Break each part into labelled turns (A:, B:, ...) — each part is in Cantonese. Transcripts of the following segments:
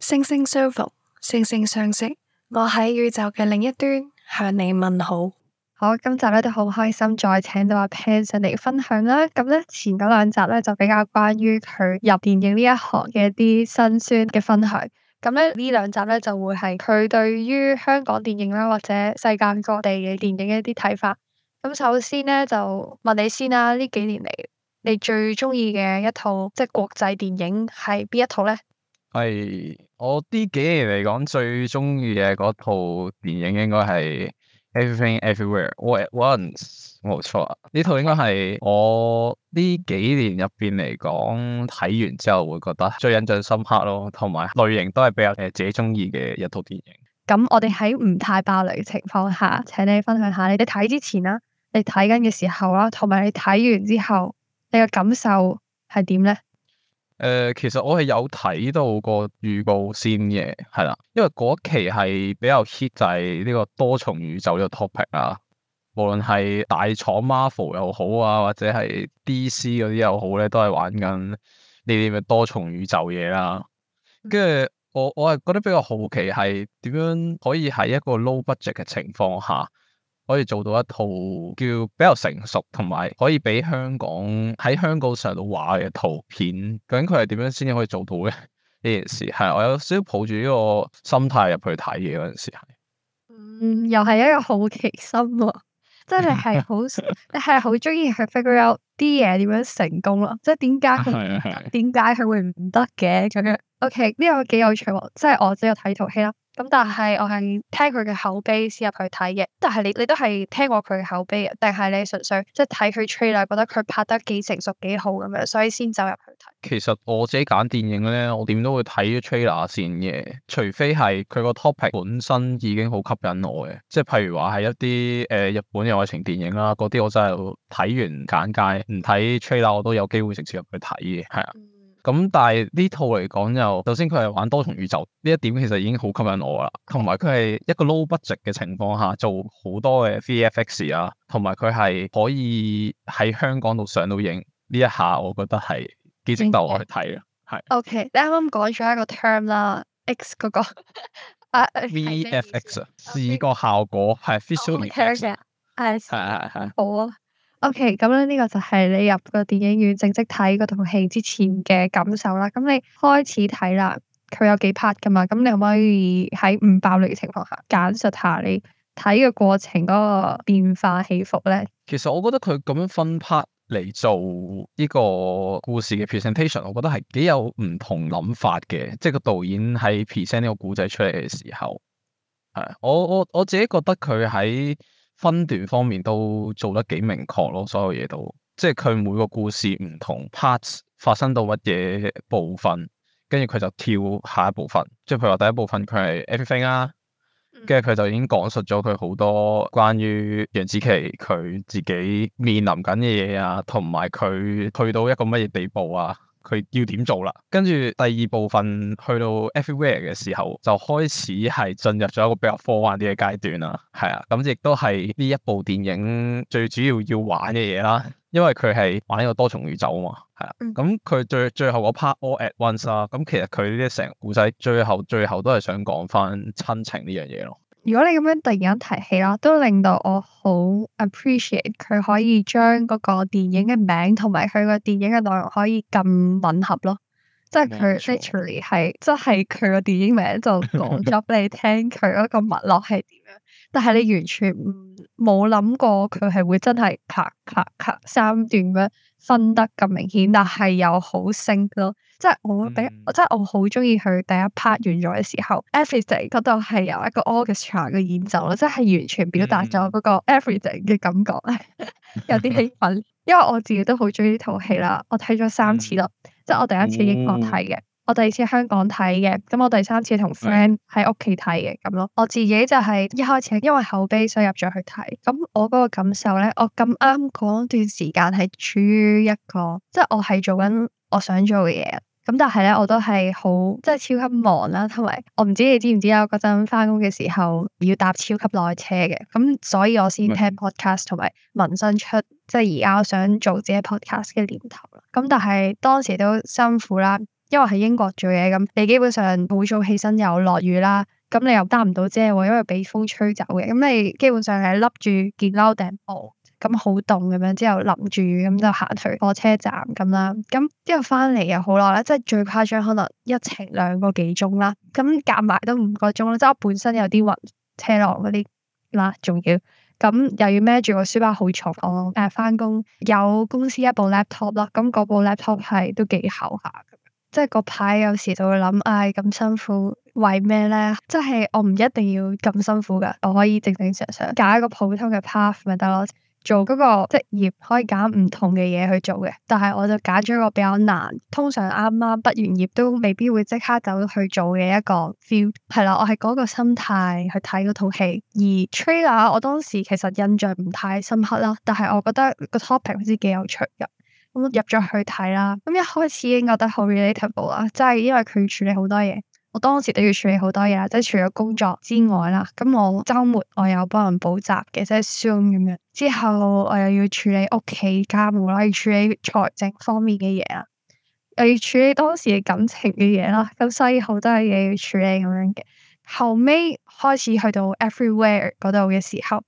A: 星星相逢，星星相惜。我喺宇宙嘅另一端向你問好。好，今集咧都好開心，再請到阿 Pan 上嚟分享啦。咁咧前嗰兩集咧就比較關於佢入電影呢一行嘅一啲辛酸嘅分享。咁咧呢兩集咧就會係佢對於香港電影啦或者世界各地嘅電影嘅一啲睇法。咁首先咧，就問你先啦。呢幾年嚟，你最中意嘅一套即係國際電影係邊一套咧？
B: 係我呢幾年嚟講最中意嘅嗰套電影，應該係《Everything Everywhere All At Once》。冇錯啊，呢套應該係我呢幾年入邊嚟講睇完之後會覺得最印象深刻咯。同埋類型都係比較誒自己中意嘅一套電影。
A: 咁我哋喺唔太爆雷嘅情況下，請你分享下你哋睇之前啦。你睇緊嘅時候啦，同埋你睇完之後，你嘅感受係點咧？
B: 誒、呃，其實我係有睇到個預告先嘅，係啦，因為嗰期係比較 hit 就係呢個多重宇宙呢個 topic 啦。無論係大廠 Marvel 又好啊，或者係 DC 嗰啲又好咧，都係玩緊呢啲嘅多重宇宙嘢啦。跟住我我係覺得比較好奇係點樣可以喺一個 low budget 嘅情況下。可以做到一套叫比較成熟，同埋可以俾香港喺香港上到畫嘅圖片，究竟佢係點樣先至可以做到咧呢件事？係我有少少抱住呢個心態入去睇嘢嗰陣時，係嗯，
A: 又係一個好奇心啊，即係係好， 你係好中意去 figure out 啲嘢點樣成功咯，即係點解佢點解佢會唔得嘅咁樣？OK，呢個幾有趣，即係我只有睇套戲啦。咁但係我係聽佢嘅口碑先入去睇嘅，但係你你都係聽過佢嘅口碑，定係你純粹即係睇佢 trailer 覺得佢拍得幾成熟幾好咁樣，所以先
B: 走入去睇。其實我自己揀電影咧，我點都會睇咗 trailer 先嘅，除非係佢個 topic 本身已經好吸引我嘅，即係譬如話係一啲誒、呃、日本嘅愛情電影啦，嗰啲我真係睇完簡介唔睇 trailer 我都有機會直接入去睇嘅，係啊。嗯咁、嗯、但係呢套嚟講就首先佢係玩多重宇宙呢一點其實已經好吸引我啦，同埋佢係一個 low budget 嘅情況下做好多嘅 VFX 啊，同埋佢係可以喺香港度上到影呢一下，我覺得係幾值得我去睇啊，係。
A: OK，你啱啱講咗一個 term 啦，X 嗰個啊 VFX
B: 啊，視覺效果係 physical，係係係係。
A: O.K. 咁咧，呢個就係你入個電影院正式睇嗰套戲之前嘅感受啦。咁你開始睇啦，佢有幾 part 噶嘛？咁你可唔可以喺唔爆雷嘅情況下，簡述下你睇嘅過程嗰個變化起伏咧？
B: 其實我覺得佢咁樣分 part 嚟做呢個故事嘅 presentation，我覺得係幾有唔同諗法嘅。即係個導演喺 present 呢個故仔出嚟嘅時候，係我我我自己覺得佢喺。分段方面都做得幾明確咯，所有嘢都，即係佢每個故事唔同 parts 發生到乜嘢部分，跟住佢就跳下一部分，即係譬如話第一部分佢係 everything 啊，跟住佢就已經講述咗佢好多關於楊紫瓊佢自己面臨緊嘅嘢啊，同埋佢去到一個乜嘢地步啊。佢要點做啦？跟住第二部分去到 Everywhere 嘅時候，就開始係進入咗一個比較科幻啲嘅階段啦。係啊，咁亦都係呢一部電影最主要要玩嘅嘢啦。因為佢係玩呢個多重宇宙啊嘛。係啊，咁佢最最後嗰 part All at Once 啦，啊。咁其實佢呢啲成個故仔最後最後都係想講翻親情呢樣嘢咯。
A: 如果你咁樣突然間提起啦，都令到我好 appreciate 佢可以將嗰個電影嘅名同埋佢個電影嘅內容可以咁吻合咯，即係佢 literally 係即係佢個電影名就講咗畀你聽佢嗰 個脈絡係點樣，但係你完全冇諗過佢係會真係咔咔咔三段咁分得咁明顯，但係又好升咯。即係我俾，嗯、即係我好中意佢第一 part 完咗嘅時候，everything 嗰度係由一個 orchestra 嘅演奏咯，嗯、即係完全表達咗嗰個 everything 嘅感覺咧， 有啲興奮， 因為我自己都好中意呢套戲啦，我睇咗三次咯，嗯、即係我第一次英國睇嘅，哦、我第二次香港睇嘅，咁我第三次同 friend 喺屋企睇嘅咁咯。我自己就係一開始因為口碑所以入咗去睇，咁我嗰個感受咧，我咁啱嗰段時間係處於一個，即係我係做緊。我想做嘅嘢，咁但係咧，我都係好，即係超級忙啦、啊，同埋我唔知你知唔知啊？嗰陣翻工嘅時候，時候要搭超級耐車嘅，咁所以我先聽 podcast 同埋萌生出即係而家我想做自己 podcast 嘅念頭啦。咁但係當時都辛苦啦，因為喺英國做嘢。咁你基本上每早起身又落雨啦，咁你又搭唔到遮喎，因為俾風吹走嘅，咁你基本上係笠住件褸頂帽。咁好凍咁樣，之後淋住雨咁就行去火車站咁啦。咁之後翻嚟又好耐啦，即係最誇張可能一程兩個幾鐘啦。咁夾埋都五個鐘啦。即係我本身有啲暈車浪嗰啲啦，仲、啊、要咁又要孭住個書包好重我，誒、翻、呃、工有公司一部 laptop 啦，咁嗰部 laptop 係都幾厚下，即係嗰排有時就會諗，唉、哎，咁辛苦為咩咧？即係我唔一定要咁辛苦㗎，我可以正正常常揀一個普通嘅 path 咪得咯。做嗰個職業可以揀唔同嘅嘢去做嘅，但係我就揀咗一個比較難，通常啱啱畢完業都未必會即刻走去做嘅一個 field，係啦，我係嗰個心態去睇嗰套戲。而 trailer 我當時其實印象唔太深刻啦，但係我覺得個 topic 好似幾有趣嘅，咁入咗去睇啦，咁一開始已經覺得好 relatable 啦，即係因為佢處理好多嘢。我當時都要處理好多嘢啦，即係除咗工作之外啦，咁我周末我有幫人補習嘅，即係 Zoom 咁樣。之後我又要處理屋企家務啦，要處理財政方面嘅嘢啦，又要處理當時嘅感情嘅嘢啦，咁所以好多嘢要處理咁樣嘅。後尾開始去到 everywhere 嗰度嘅時候。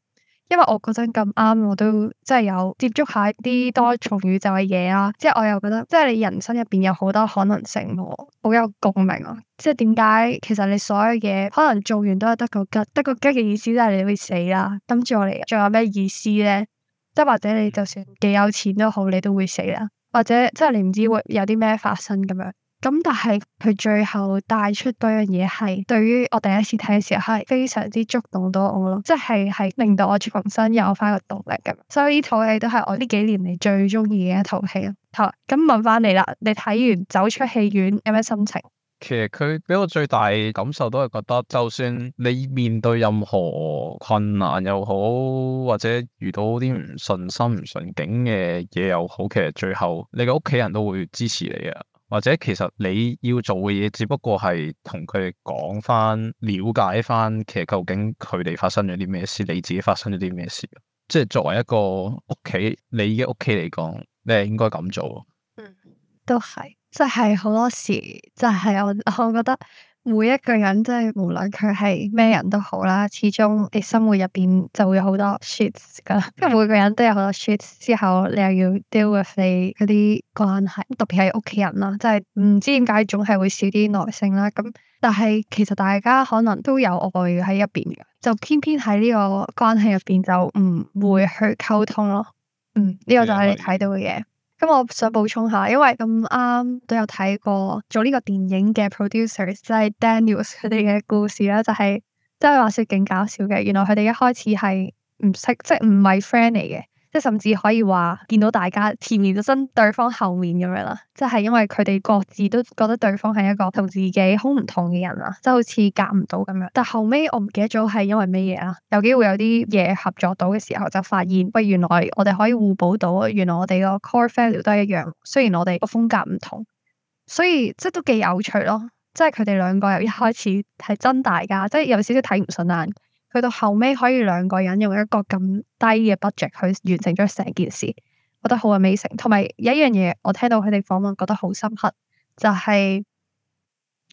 A: 因為我嗰陣咁啱，我都即係有接觸下啲多重宇宙嘅嘢啦，即係我又覺得，即係你人生入邊有好多可能性喎，好有共鳴啊！即係點解其實你所有嘢可能做完都係得個吉，得個吉嘅意思即係你會死啦。跟住我哋仲有咩意思咧？即係或者你就算幾有錢都好，你都會死啦。或者即係你唔知會有啲咩發生咁樣。咁但係佢最後帶出嗰樣嘢，係對於我第一次睇嘅時候係非常之觸動到我咯，即係係令到我重新有翻個動力咁。所以呢套戲都係我呢幾年嚟最中意嘅一套戲咯。好，咁問翻你啦，你睇完走出戲院有咩心情？
B: 其實佢俾我最大感受都係覺得，就算你面對任何困難又好，或者遇到啲唔順心、唔順境嘅嘢又好，其實最後你嘅屋企人都會支持你啊！或者其實你要做嘅嘢，只不過係同佢哋講翻，了解翻，其實究竟佢哋發生咗啲咩事，你自己發生咗啲咩事？即係作為一個屋企，你嘅屋企嚟講，你係應該咁做。嗯，
A: 都係，即係好多時，即係我我覺得。每一個人即係無論佢係咩人都好啦，始終你生活入邊就會有好多 shit 噶因為每個人都有好多 shit，之後你又要 deal with 你嗰啲關係，特別係屋企人啦，即係唔知點解總係會少啲耐性啦。咁但係其實大家可能都有愛喺入邊嘅，就偏偏喺呢個關係入邊就唔會去溝通咯。嗯，呢個就係你睇到嘅嘢。咁我想補充下，因為咁啱都有睇過做呢個電影嘅 producers 即係 Daniels 佢哋嘅故事啦，就係即係話說勁搞笑嘅，原來佢哋一開始係唔識，即係唔係 friend 嚟嘅。即甚至可以話見到大家前面爭對方後面咁樣啦，即係因為佢哋各自都覺得對方係一個同自己好唔同嘅人啦，即係好似夾唔到咁樣。但後尾我唔記得咗係因為咩嘢啦，有機會有啲嘢合作到嘅時候就發現，喂，原來我哋可以互補到，原來我哋個 core value 都係一樣，雖然我哋個風格唔同，所以即都幾有趣咯。即係佢哋兩個由一開始係爭大家，即係有少少睇唔順眼。去到後尾可以兩個人用一個咁低嘅 budget 去完成咗成件事，覺得好 amazing。同埋有一樣嘢，我聽到佢哋訪問覺得好深刻，就係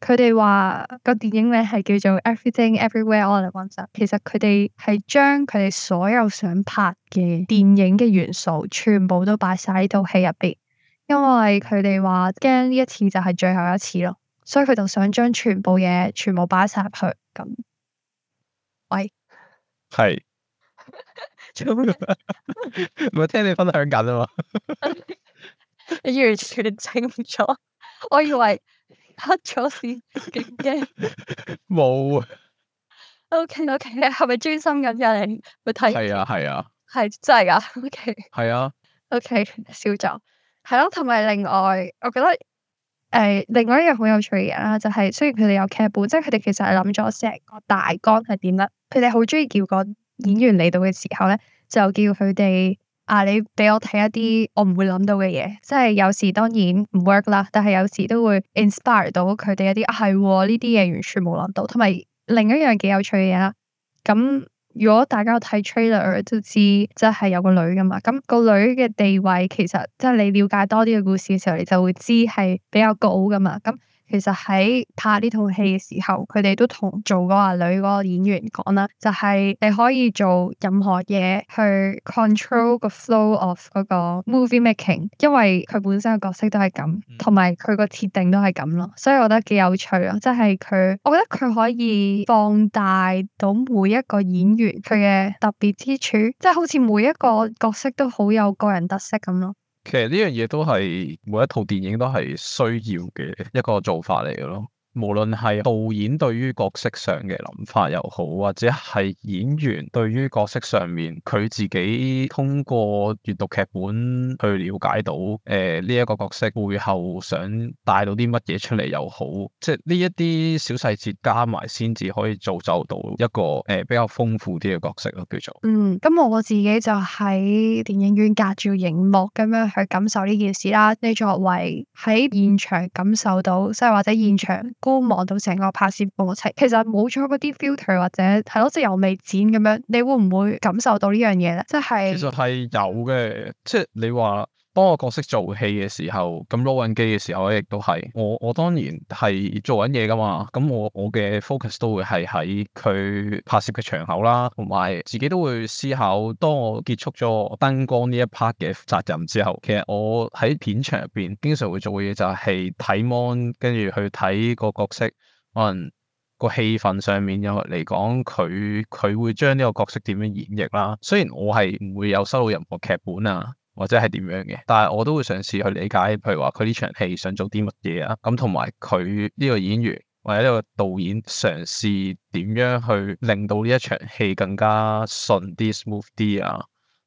A: 佢哋話個電影名係叫做 Everything Everywhere All At Once。其實佢哋係將佢哋所有想拍嘅電影嘅元素全部都擺晒喺套戲入邊，因為佢哋話驚呢一次就係最後一次咯，所以佢就想將全部嘢全部擺晒入去咁。
B: 喂，係，唔係聽你分享緊啊嘛？
A: 一月決定停咗，我以為出咗事，勁驚，
B: 冇
A: 啊。O K O K，係咪專心緊啊？有人會睇，係啊係啊，係真係噶。O K，係啊，O K，笑咗，係咯，同埋另外，我覺得。誒、哎，另外一樣好有趣嘅嘢啦，就係、是、雖然佢哋有劇本，即係佢哋其實係諗咗成個大綱係點啦。佢哋好中意叫個演員嚟到嘅時候咧，就叫佢哋啊，你俾我睇一啲我唔會諗到嘅嘢。即係有時當然唔 work 啦，但係有時都會 inspire 到佢哋一啲啊，係喎，呢啲嘢完全冇諗到。同埋另一樣幾有趣嘅嘢啦，咁。如果大家有睇 trailer 都知，即係有個女噶嘛，咁、嗰個女嘅地位其實即係你了解多啲嘅故事嘅時候，你就會知係比較高噶嘛，咁。其實喺拍呢套戲嘅時候，佢哋都同做個阿女嗰個演員講啦，就係、是、你可以做任何嘢去 control 個 flow of 嗰個 movie making，因為佢本身嘅角色都係咁，同埋佢個設定都係咁咯，所以我覺得幾有趣啊！即係佢，我覺得佢可以放大到每一個演員佢嘅特別之處，即、就、係、是、好似每一個角色都好有個人特色咁咯。
B: 其實呢樣嘢都係每一套電影都係需要嘅一個做法嚟嘅咯。無論係導演對於角色上嘅諗法又好，或者係演員對於角色上面佢自己通過閱讀劇本去了解到，誒呢一個角色背後想帶到啲乜嘢出嚟又好，即係呢一啲小細節加埋先至可以造就到一個誒、呃、比較豐富啲嘅角色咯，叫做嗯。
A: 咁我自己就喺電影院隔住熒幕咁樣去感受呢件事啦。你作為喺現場感受到，即係或者現場。高望到成個拍攝過程，其實冇咗嗰啲 filter 或者係咯，即係又未剪咁樣，你會唔會感受到呢樣嘢咧？即係其實
B: 係有嘅，即係你話。當我角色做戲嘅時候，咁 roll 機嘅時候咧，亦都係我我，我當然係做緊嘢噶嘛。咁我我嘅 focus 都會係喺佢拍攝嘅場口啦，同埋自己都會思考。當我結束咗燈光呢一 part 嘅責任之後，其實我喺片場入邊經常會做嘅嘢就係睇 mon，跟住去睇個角色可能個戲份上面有嚟講，佢佢會將呢個角色點樣演繹啦。雖然我係唔會有收到任何劇本啊。或者係點樣嘅，但係我都會嘗試去理解，譬如話佢呢場戲想做啲乜嘢啊，咁同埋佢呢個演員或者呢個導演嘗試點樣去令到呢一場戲更加順啲、smooth 啲啊。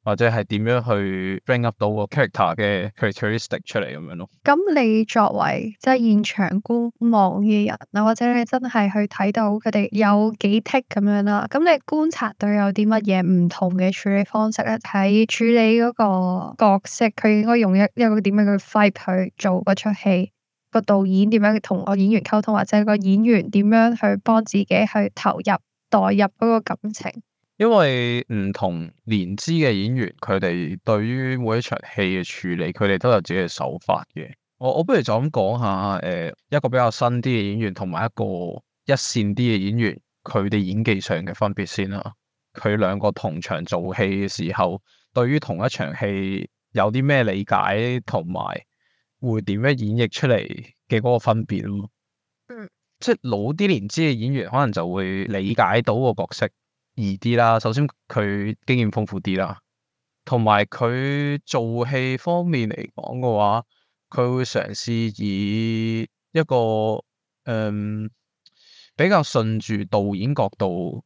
B: 或者係點樣去 bring up 到個 character 嘅 characteristic 出嚟咁樣咯？
A: 咁你作為即係現場觀望嘅人，或者你真係去睇到佢哋有幾 tick 咁樣啦？咁你觀察到有啲乜嘢唔同嘅處理方式咧？喺處理嗰個角色，佢應該用一一個點樣嘅 fight 去做嗰出戲？個導演點樣同個演員溝通，或者個演員點樣去幫自己去投入代入嗰個感情？
B: 因為唔同年資嘅演員，佢哋對於每一場戲嘅處理，佢哋都有自己嘅手法嘅。我我不如就咁講下，誒、呃，一個比較新啲嘅演員，同埋一個一線啲嘅演員，佢哋演技上嘅分別先啦。佢兩個同場做戲嘅時候，對於同一場戲有啲咩理解，同埋會點樣演繹出嚟嘅嗰個分別咯。嗯。即係老啲年資嘅演員，可能就會理解到個角色。易啲啦，首先佢經驗豐富啲啦，同埋佢做戲方面嚟講嘅話，佢會嘗試以一個誒、嗯、比較順住導演角度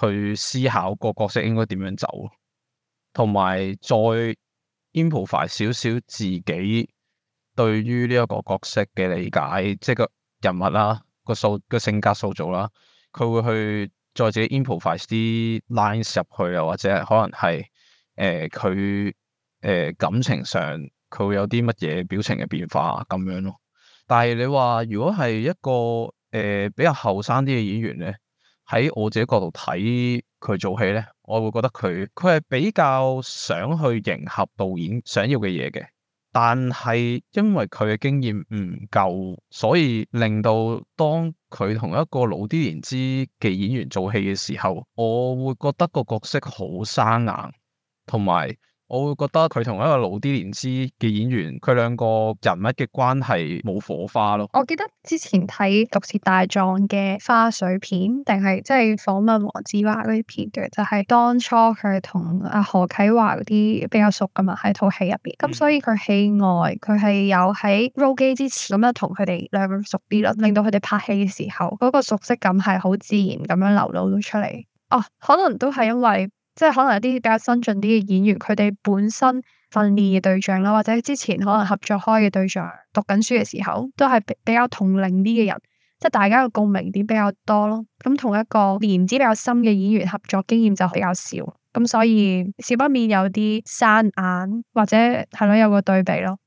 B: 去思考個角色應該點樣走，同埋再 improve 少少自己對於呢一個角色嘅理解，即係個人物啦、個數個性格塑造啦，佢會去。再自己 improvise 啲 lines 入去，啊，或者可能係誒佢誒感情上佢會有啲乜嘢表情嘅變化咁樣咯。但係你話如果係一個誒、呃、比較後生啲嘅演員咧，喺我自己角度睇佢做戲咧，我會覺得佢佢係比較想去迎合導演想要嘅嘢嘅，但係因為佢嘅經驗唔夠，所以令到當。佢同一個老啲年資嘅演員做戲嘅時候，我會覺得個角色好生硬，同埋。我會覺得佢同一個老啲年資嘅演員，佢兩個人物嘅關係冇火花咯。
A: 我記得之前睇《毒舌大狀》嘅花絮片，定係即係訪問黃子華嗰啲片段，就係、是就是、當初佢同阿何啟華嗰啲比較熟噶嘛，喺套戲入邊。咁所以佢戲外，佢係有喺 roll 機之前咁樣同佢哋兩個熟啲咯，令到佢哋拍戲嘅時候，嗰、那個熟悉感係好自然咁樣流露咗出嚟。哦，可能都係因為。即係可能有啲比較新進啲嘅演員，佢哋本身訓練嘅對象啦，或者之前可能合作開嘅對象，讀緊書嘅時候都係比,比較同齡啲嘅人，即係大家嘅共鳴點比較多咯。咁同一個年資比較深嘅演員，合作經驗就比較少，咁所以少不免有啲生硬或者係咯有個對比咯。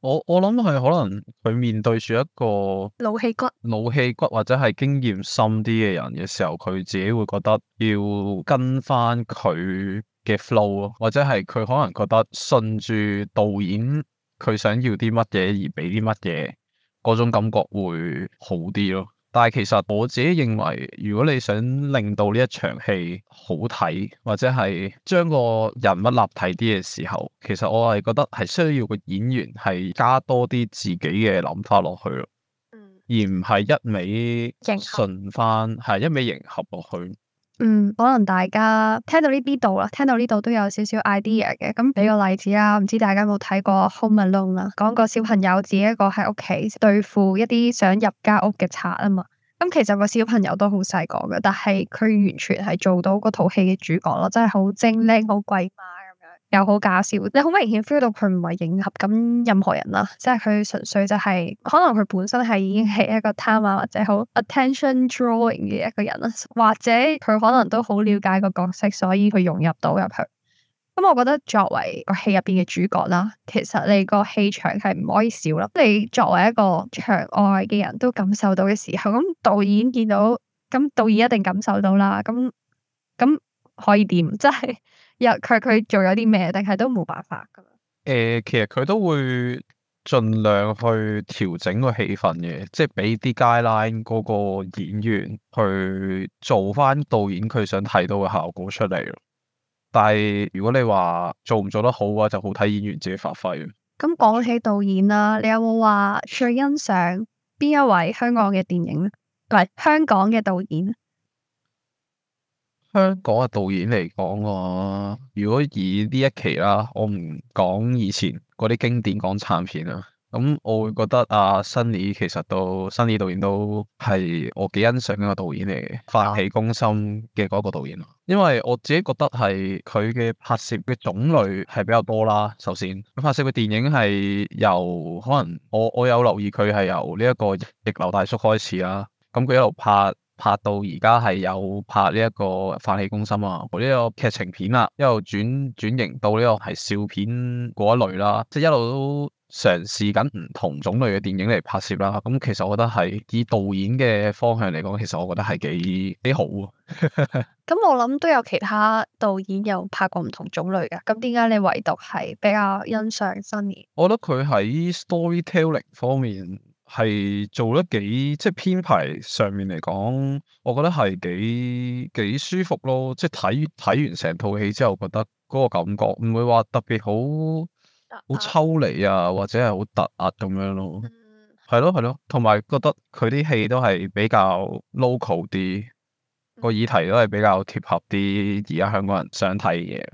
B: 我我諗係可能佢面對住一個老戲骨、老戲骨或者係經驗深啲嘅人嘅時候，佢自己會覺得要跟翻佢嘅 flow，或者係佢可能覺得順住導演佢想要啲乜嘢而俾啲乜嘢，嗰種感覺會好啲咯。但係其實我自己認為，如果你想令到呢一場戲好睇，或者係將個人物立體啲嘅時候，其實我係覺得係需要個演員係加多啲自己嘅諗法落去，而唔係一味順返，係一味迎合落去。
A: 嗯，可能大家聽到呢度啦，聽到呢度都有少少 idea 嘅。咁俾個例子啦，唔知大家有冇睇過《Home Alone》啦，講個小朋友自己一個喺屋企對付一啲想入家屋嘅賊啊嘛。咁其實個小朋友都好細個嘅，但係佢完全係做到嗰套戲嘅主角咯，真係好精靈，好鬼馬。又好搞笑，你好明顯 feel 到佢唔係迎合緊任何人啦，啊，即係佢純粹就係、是、可能佢本身係已經係一個貪啊或者好 attention drawing 嘅一個人啦，或者佢可能都好了解個角色，所以佢融入到入去。咁我覺得作為個戲入邊嘅主角啦，其實你個戲場係唔可以少啦。你作為一個場外嘅人都感受到嘅時候，咁導演見到，咁導演一定感受到啦。咁咁可以點？即係。佢佢做咗啲咩？定係都冇辦法噶？
B: 誒、欸，其實佢都會盡量去調整個氣氛嘅，即係俾啲街 u l i n e 嗰個演員去做翻導演佢想睇到嘅效果出嚟。但係如果你話做唔做得好嘅話，就好睇演員自己發揮。
A: 咁講起導演啦、啊，你有冇話最欣賞邊一位香港嘅電影咧？唔係香港嘅導演。
B: 香港嘅導演嚟講嘅話，如果以呢一期啦、啊，我唔講以前嗰啲經典港產片啊。咁我會覺得啊，新義其實都新義導演都係我幾欣賞一個導演嚟嘅，飯戲攻心嘅嗰個導演啦、啊。啊、因為我自己覺得係佢嘅拍攝嘅種類係比較多啦。首先，佢拍攝嘅電影係由可能我我有留意佢係由呢一個逆流大叔開始啦、啊，咁佢一路拍。拍到而家係有拍呢、這、一個飯氣攻心啊，呢、這個劇情片啦、啊，一路轉轉型到呢個係笑片嗰一類啦、啊，即係一路都嘗試緊唔同種類嘅電影嚟拍攝啦、啊。咁其實我覺得係以導演嘅方向嚟講，其實我覺得係幾幾好
A: 啊。咁 我諗都有其他導演有拍過唔同種類嘅，咁點解你唯獨係比較欣賞 Sunny？
B: 我覺得佢喺 storytelling 方面。係做得幾，即係編排上面嚟講，我覺得係幾幾舒服咯。即係睇睇完成套戲之後，覺得嗰個感覺唔會話特別好好抽離啊，或者係好突壓咁樣咯。係咯，係咯，同埋覺得佢啲戲都係比較 local 啲，嗯、個議題都係比較貼合啲而家香港人想睇嘅嘢。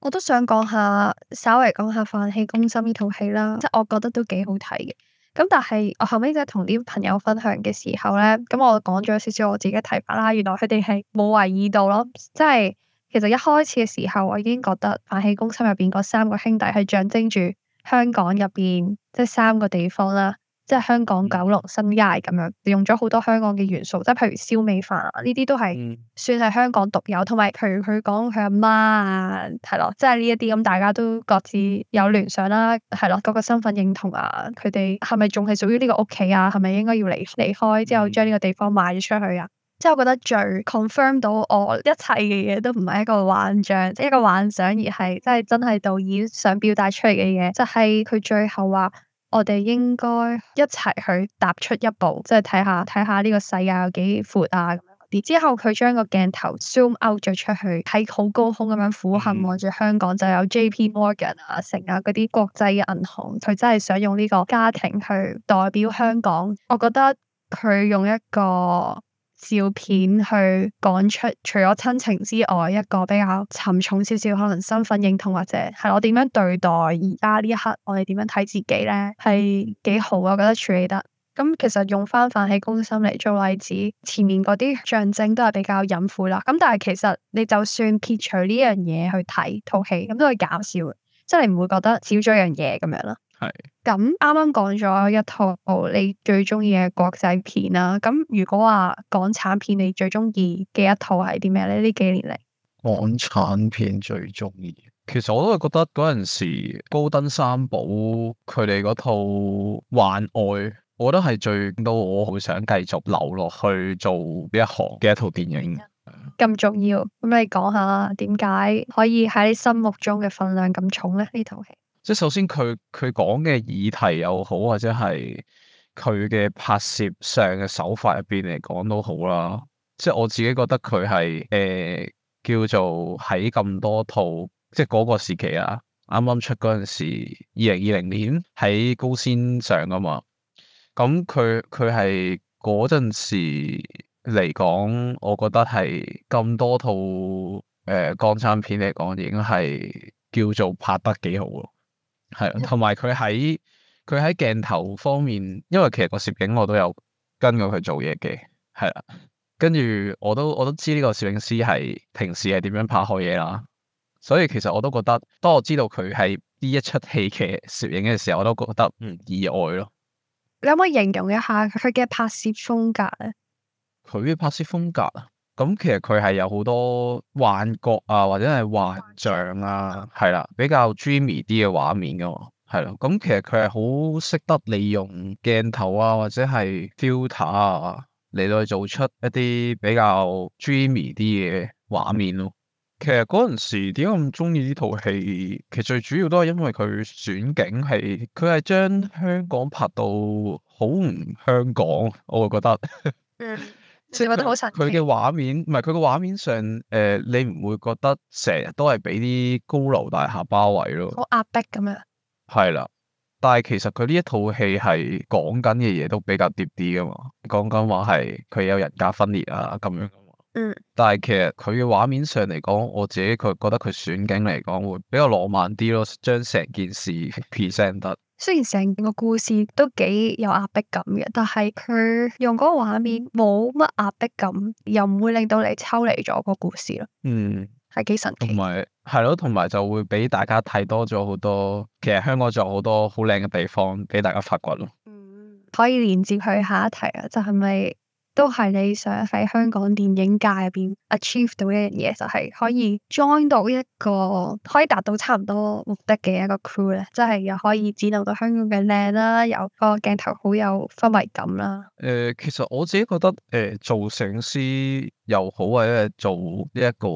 A: 我都想講下，稍微講下《飯氣攻心》呢套戲啦，即係我覺得都幾好睇嘅。咁但係我後尾就同啲朋友分享嘅時候咧，咁我講咗少少我自己嘅睇法啦。原來佢哋係冇懷疑到咯，即係其實一開始嘅時候我已經覺得飯戲攻心入邊嗰三個兄弟係象徵住香港入邊即係三個地方啦。即係香港、九龍、新界咁樣，用咗好多香港嘅元素，即係譬如燒味飯啊，呢啲都係、嗯、算係香港獨有。同埋，譬如佢講佢阿媽啊，係咯，即係呢一啲咁，大家都各自有聯想啦，係咯，各個身份認同啊，佢哋係咪仲係屬於呢個屋企啊？係咪應該要離離開之後將呢個地方賣咗出去啊？嗯、即係我覺得最 confirm 到我一切嘅嘢都唔係一個幻象，即係一個幻想，而係即係真係導演想表達出嚟嘅嘢，就係佢最後話啊。我哋應該一齊去踏出一步，即係睇下睇下呢個世界有幾闊啊！咁樣啲之後佢將個鏡頭 zoom out 咗出去，喺好高空咁樣俯瞰望住香港，嗯、就有 JP Morgan 啊、成日嗰啲國際嘅銀行，佢真係想用呢個家庭去代表香港。我覺得佢用一個照片去講出除咗親情之外一個比較沉重少少，可能身份認同或者係我點樣對待而家呢一刻，我哋點樣睇自己咧，係幾好啊。我覺得處理得咁，其實用翻《飯戲攻心》嚟做例子，前面嗰啲象徵都係比較隱晦啦，咁但係其實你就算撇除呢樣嘢去睇套戲，咁都係搞笑，即係你唔會覺得少咗樣嘢，咁樣咯。咁啱啱講咗一套你最中意嘅國際片啦，咁如果話港產片你最中意嘅一套係啲咩咧？呢幾年嚟，
B: 港產片最中意，其實我都係覺得嗰陣時高登三寶佢哋嗰套《幻愛》，我覺得係最到我好想繼續留落去做呢一行嘅一套電影，
A: 咁、嗯、重要，咁你講下點解可以喺你心目中嘅份量咁重咧？呢套戲。
B: 即係首先佢佢講嘅議題又好，或者係佢嘅拍攝上嘅手法入邊嚟講都好啦。即係我自己覺得佢係誒叫做喺咁多套即係嗰個時期啊，啱啱出嗰陣時，二零二零年喺高仙上啊嘛。咁佢佢係嗰陣時嚟講，我覺得係咁多套誒港產片嚟講，已經係叫做拍得幾好咯。係，同埋佢喺佢喺鏡頭方面，因為其實個攝影我都有跟過佢做嘢嘅。係啦，跟住我都我都知呢個攝影師係平時係點樣拍開嘢啦，所以其實我都覺得，當我知道佢係呢一出戲嘅攝影嘅時候，我都覺得唔意外咯。你可
A: 唔可以形容一下佢嘅拍攝風格咧？
B: 佢嘅拍攝風格啊？咁其實佢係有好多幻覺啊，或者係幻象啊，係啦，比較 dreamy 啲嘅畫面噶，係咯。咁其實佢係好識得利用鏡頭啊，或者係 filter 啊，嚟到去做出一啲比較 dreamy 啲嘅畫面咯。其實嗰陣時點解咁中意呢套戲？其實最主要都係因為佢選景係，佢係將香港拍到好唔香港，我會覺得。
A: 全部都好神，佢嘅畫
B: 面唔係佢嘅畫面上，誒、呃，你唔會覺得成日都係俾啲高樓大廈包圍咯，好
A: 壓迫咁樣。
B: 係啦，但係其實佢呢一套戲係講緊嘅嘢都比較疊啲噶嘛，講緊話係佢有人格分裂啊咁樣噶嘛。嗯。但係其實佢嘅畫面上嚟講，我自己佢覺得佢選景嚟講會比較浪漫啲咯，將成件事 present 得。
A: 雖然成個故事都幾有壓迫感嘅，但係佢用嗰個畫面冇乜壓迫感，又唔會令到你抽離咗個故事咯。
B: 嗯，係幾神奇。同埋係咯，同埋就會畀大家睇多咗好多。其實香港仲有好多好靚嘅地方俾大家發掘咯。嗯，
A: 可以連接去下一題啊？就係咪？都係你想喺香港電影界入邊 achieve 到一樣嘢，就係、是、可以 join 到一個可以達到差唔多目的嘅一個 crew 咧，即係又可以展露到香港嘅靚啦，又個鏡頭好有氛圍感啦。
B: 誒、呃，其實我自己覺得，誒、呃，做攝影師又好，或者係做呢一個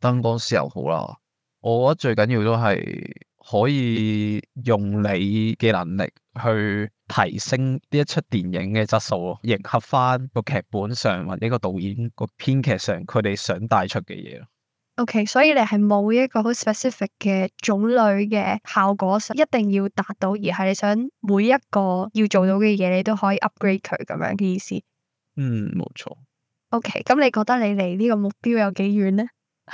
B: 燈光師又好啦，我覺得最緊要都係，可以用你嘅能力去提升呢一齣電影嘅質素咯，迎合翻個劇本上或者個導演個編劇上佢哋想帶出嘅嘢
A: 咯。OK，所以你係冇一個好 specific 嘅種類嘅效果，上一定要達到，而係你想每一個要做到嘅嘢，你都可以 upgrade 佢咁樣嘅意思。
B: 嗯，冇錯。
A: OK，咁你覺得你離呢個目標有幾遠咧？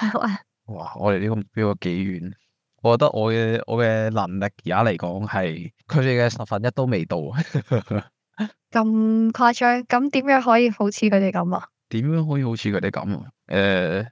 B: 哇！我哋呢個目標有幾遠？我覺得我嘅我嘅能力而家嚟講係佢哋嘅十分一都未到 誇
A: 張，咁誇張？咁點樣可以好似佢哋咁啊？
B: 點樣可以好似佢哋咁？誒、呃，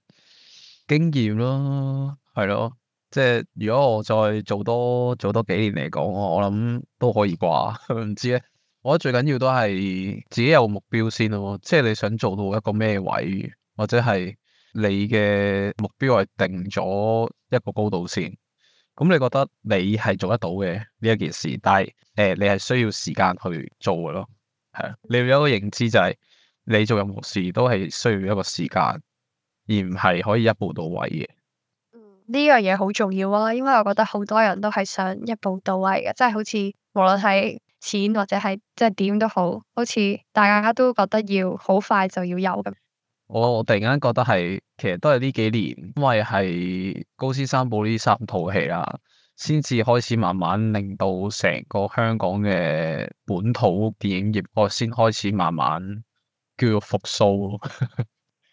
B: 經驗咯，係咯，即係如果我再做多做多幾年嚟講，我我諗都可以啩？唔知咧，我覺得最緊要都係自己有目標先咯，即係你想做到一個咩位，或者係你嘅目標係定咗一個高度先。咁你覺得你係做得到嘅呢一件事，但係誒、呃、你係需要時間去做嘅咯，係你要有一個認知就係、是、你做任何事都係需要一個時間，而唔係可以一步到位嘅。
A: 嗯，呢樣嘢好重要啊，因為我覺得好多人都係想一步到位嘅，即、就、係、是、好似無論係錢或者係即係點都好，好似大家都覺得要好快就要有咁。
B: 我我突然間覺得係，其實都係呢幾年，因為係高先生播呢三套戲啦，先至開始慢慢令到成個香港嘅本土電影業，我先開始慢慢叫做復甦咯。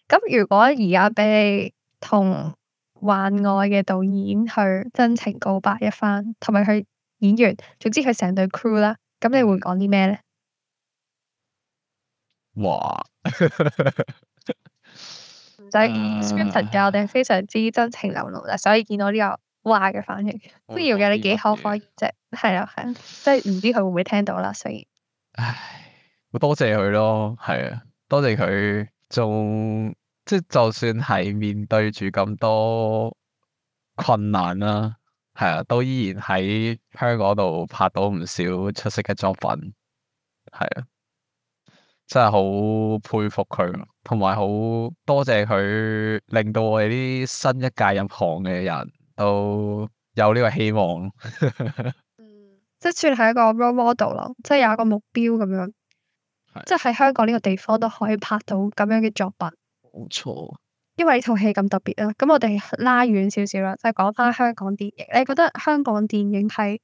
A: 咁 如果而家俾你同《幻愛》嘅導演去真情告白一番，同埋佢演員，總之佢成隊 crew 啦，咁你會講啲咩咧？
B: 哇！ 就係 scripting
A: 嘅，嗯嗯、非常之真情流露啦，所以見到呢、個話嘅反應，都要嘅你幾可憐啫，係啦、啊，係、啊，即係唔知佢會唔會聽到啦，所以，唉，
B: 好多謝佢咯，係啊，多謝佢仲即係就算係面對住咁多困難啦，係啊，都依然喺香港度拍到唔少出色嘅作品，係啊，真係好佩服佢。同埋好多謝佢，令到我哋啲新一屆入行嘅人都有呢個希望。 嗯，
A: 即係算係一個 role model 咯，即係有一個目標咁樣。
B: 是即係喺
A: 香港呢個地方都可以拍到咁樣嘅作品，
B: 冇錯錯。
A: 因為呢套戲咁特別啦，咁我哋拉遠少少啦，就講、係、翻香港電影。你覺得香港電影喺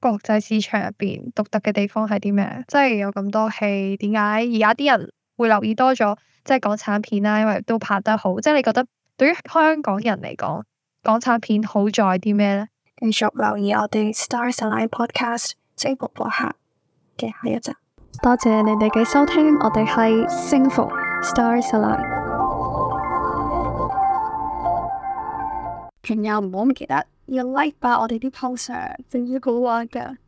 A: 國際市場入邊獨特嘅地方係啲咩？即係有咁多戲，點解而家啲人？會留意多咗，即係港產片啦，因為都拍得好。即係你覺得對於香港人嚟講，港產片好在啲咩咧？繼續留意我哋 Stars Align Podcast 星逢播客嘅下一集。多謝你哋嘅收聽，我哋係星逢 Stars Align。朋友唔好唔記得要 like 翻我哋啲 poster，真要好 w a 嘅。